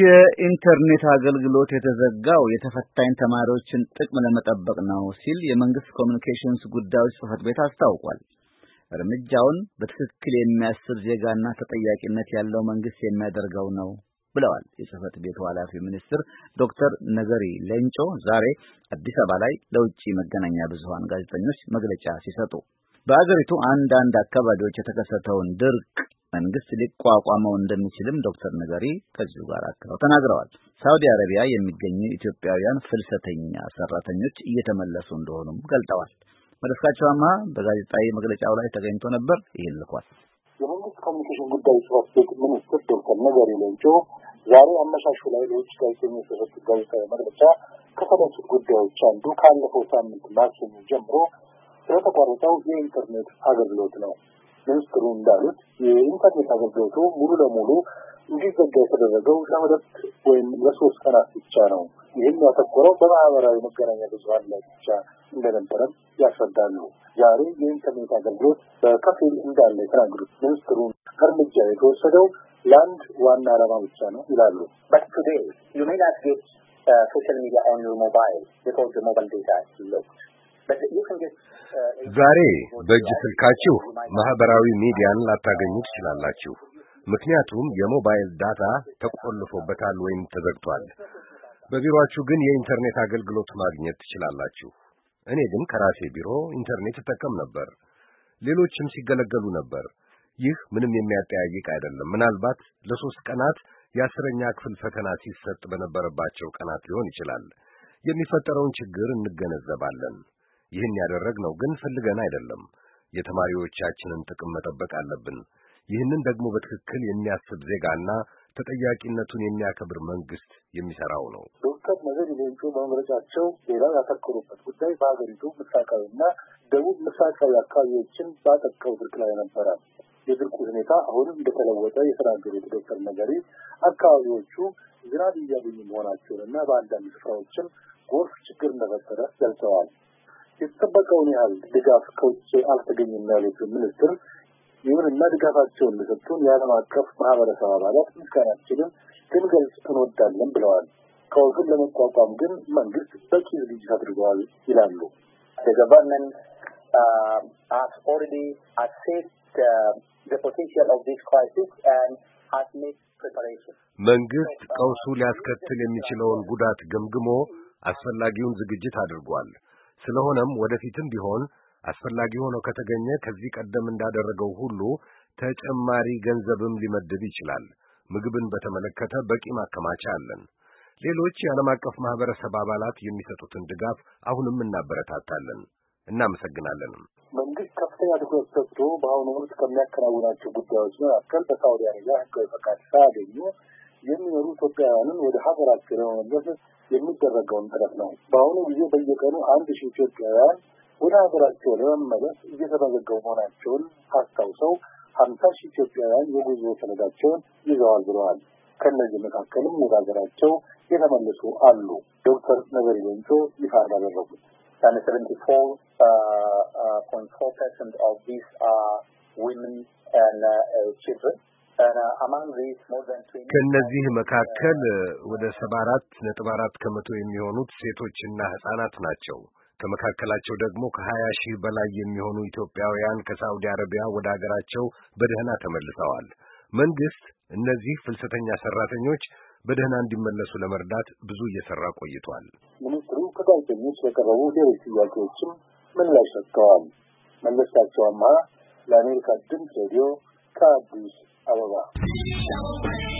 የኢንተርኔት አገልግሎት የተዘጋው የተፈታኝ ተማሪዎችን ጥቅም ለመጠበቅ ነው ሲል የመንግስት ኮሚኒኬሽንስ ጉዳዮች ጽህፈት ቤት አስታውቋል። እርምጃውን በትክክል የሚያስብ ዜጋና ተጠያቂነት ያለው መንግስት የሚያደርገው ነው ብለዋል። የጽህፈት ቤቱ ኃላፊ ሚኒስትር ዶክተር ነገሪ ሌንጮ ዛሬ አዲስ አበባ ላይ ለውጭ መገናኛ ብዙሀን ጋዜጠኞች መግለጫ ሲሰጡ በአገሪቱ አንዳንድ አካባቢዎች የተከሰተውን ድርቅ መንግስት ሊቋቋመው እንደሚችልም ዶክተር ነገሪ ከዚሁ ጋር አክለው ተናግረዋል። ሳውዲ አረቢያ የሚገኙ ኢትዮጵያውያን ፍልሰተኛ ሰራተኞች እየተመለሱ እንደሆኑም ገልጠዋል። መለስካቸው አማ በጋዜጣዊ መግለጫው ላይ ተገኝቶ ነበር። ይህን ልኳል። የመንግስት ኮሚኒኬሽን ጉዳይ ጽሕፈት ቤት ሚኒስትር ዶክተር ነገሪ ሌንጮ ዛሬ አመሻሹ ላይ ለውጭ ጋዜጠኞች የሰጡት ጋዜጣዊ መግለጫ ከሰለሱት ጉዳዮች አንዱ ካለፈው ሳምንት ማክሰኞ ጀምሮ የተቋረጠው የኢንተርኔት አገልግሎት ነው። ሚኒስትሩ እንዳሉት የኢንተርኔት አገልግሎቱ ሙሉ ለሙሉ እንዲዘጋ የተደረገው ለሁለት ወይም ለሶስት ቀናት ብቻ ነው። ይህም ያተኮረው በማህበራዊ መገናኛ ብዙሀን ላይ ብቻ እንደነበረም ያስረዳሉ። ዛሬ የኢንተርኔት አገልግሎት በከፊል እንዳለ የተናገሩት ሚኒስትሩ እርምጃ የተወሰደው ለአንድ ዋና ዓላማ ብቻ ነው ይላሉ። ሶሻል ሚዲያ ሞባይል ሞባይል ዴታ ዳታ ዛሬ በእጅ ስልካችሁ ማህበራዊ ሚዲያን ላታገኙ ትችላላችሁ። ምክንያቱም የሞባይል ዳታ ተቆልፎበታል ወይም ተዘግቷል። በቢሮአችሁ ግን የኢንተርኔት አገልግሎት ማግኘት ትችላላችሁ። እኔ ግን ከራሴ ቢሮ ኢንተርኔት እጠቀም ነበር፣ ሌሎችም ሲገለገሉ ነበር። ይህ ምንም የሚያጠያይቅ አይደለም። ምናልባት ለሶስት ቀናት የአስረኛ ክፍል ፈተና ሲሰጥ በነበረባቸው ቀናት ሊሆን ይችላል። የሚፈጠረውን ችግር እንገነዘባለን። ይህን ያደረግነው ግን ፈልገን አይደለም። የተማሪዎቻችንን ጥቅም መጠበቅ አለብን። ይህንን ደግሞ በትክክል የሚያስብ ዜጋና ተጠያቂነቱን የሚያከብር መንግስት የሚሰራው ነው። ዶክተር ነገሪ ሌንጮ በመምረጫቸው ሌላው ያተኮሩበት ጉዳይ በሀገሪቱ ምስራቃዊና ደቡብ ምስራቃዊ አካባቢዎችን ባጠቃው ድርቅ ላይ ነበረ። የድርቁ ሁኔታ አሁንም እንደተለወጠ የተናገሩት ዶክተር ነገሪ አካባቢዎቹ ዝናብ እያገኙ መሆናቸውንና በአንዳንድ ስፍራዎችም ጎርፍ ችግር እንደፈጠረ ገልጸዋል። የሚጠበቀውን ያህል ድጋፍ ከውጭ አልተገኘም ያሉት ሚኒስትር ይሁንና ድጋፋቸውን ለሰጡን የዓለም አቀፍ ማህበረሰብ አባላት ምስጋናችንን ልንገልጽ እንወዳለን ብለዋል። ቀውሱን ለመቋቋም ግን መንግስት በቂ ዝግጅት አድርገዋል ይላሉ። uh, መንግስት ቀውሱ ሊያስከትል የሚችለውን ጉዳት ገምግሞ አስፈላጊውን ዝግጅት አድርጓል። ስለሆነም ወደፊትም ቢሆን አስፈላጊ ሆኖ ከተገኘ ከዚህ ቀደም እንዳደረገው ሁሉ ተጨማሪ ገንዘብም ሊመድብ ይችላል። ምግብን በተመለከተ በቂ ማከማቻ አለን። ሌሎች የዓለም አቀፍ ማህበረሰብ አባላት የሚሰጡትን ድጋፍ አሁንም እናበረታታለን። እናመሰግናለን። መንግስት ከፍተኛ ትኩረት ሰጥቶ በአሁኑ ወቅት ከሚያከናውናቸው ጉዳዮች መካከል በሳውዲ አረቢያ ህጋዊ ፈቃድ ሳያገኙ የሚኖሩ ኢትዮጵያውያንን ወደ ሀገራቸው ለመመለስ የሚደረገውን ጥረት ነው። በአሁኑ ጊዜ በየቀኑ አንድ ሺህ ኢትዮጵያውያን ወደ ሀገራቸው ለመመለስ እየተመዘገቡ መሆናቸውን አስታውሰው ሀምሳ ሺህ ኢትዮጵያውያን የጉዞ ሰነዳቸውን ይዘዋል ብለዋል። ከእነዚህ መካከልም ወደ ሀገራቸው የተመለሱ አሉ። ዶክተር ነገሪ ሌንጮ ይፋ እንዳደረጉት ፎር ፐርሰንት ኦፍ ዚስ አር ዊመን ኤንድ ቺልድረን Uh, ከእነዚህ መካከል ወደ ሰባ አራት ነጥብ አራት ከመቶ የሚሆኑት ሴቶችና ህጻናት ናቸው። ከመካከላቸው ደግሞ ከሀያ ሺህ በላይ የሚሆኑ ኢትዮጵያውያን ከሳዑዲ አረቢያ ወደ አገራቸው በደህና ተመልሰዋል። መንግስት እነዚህ ፍልሰተኛ ሰራተኞች በደህና እንዲመለሱ ለመርዳት ብዙ እየሰራ ቆይቷል። ሚኒስትሩ ከጋዜጠኞች ለቀረቡ ሌሎች ጥያቄዎችም ምላሽ ሰጥተዋል። መለስካቸው ለአሜሪካ ድምፅ ሬዲዮ ከአዲስ ပါ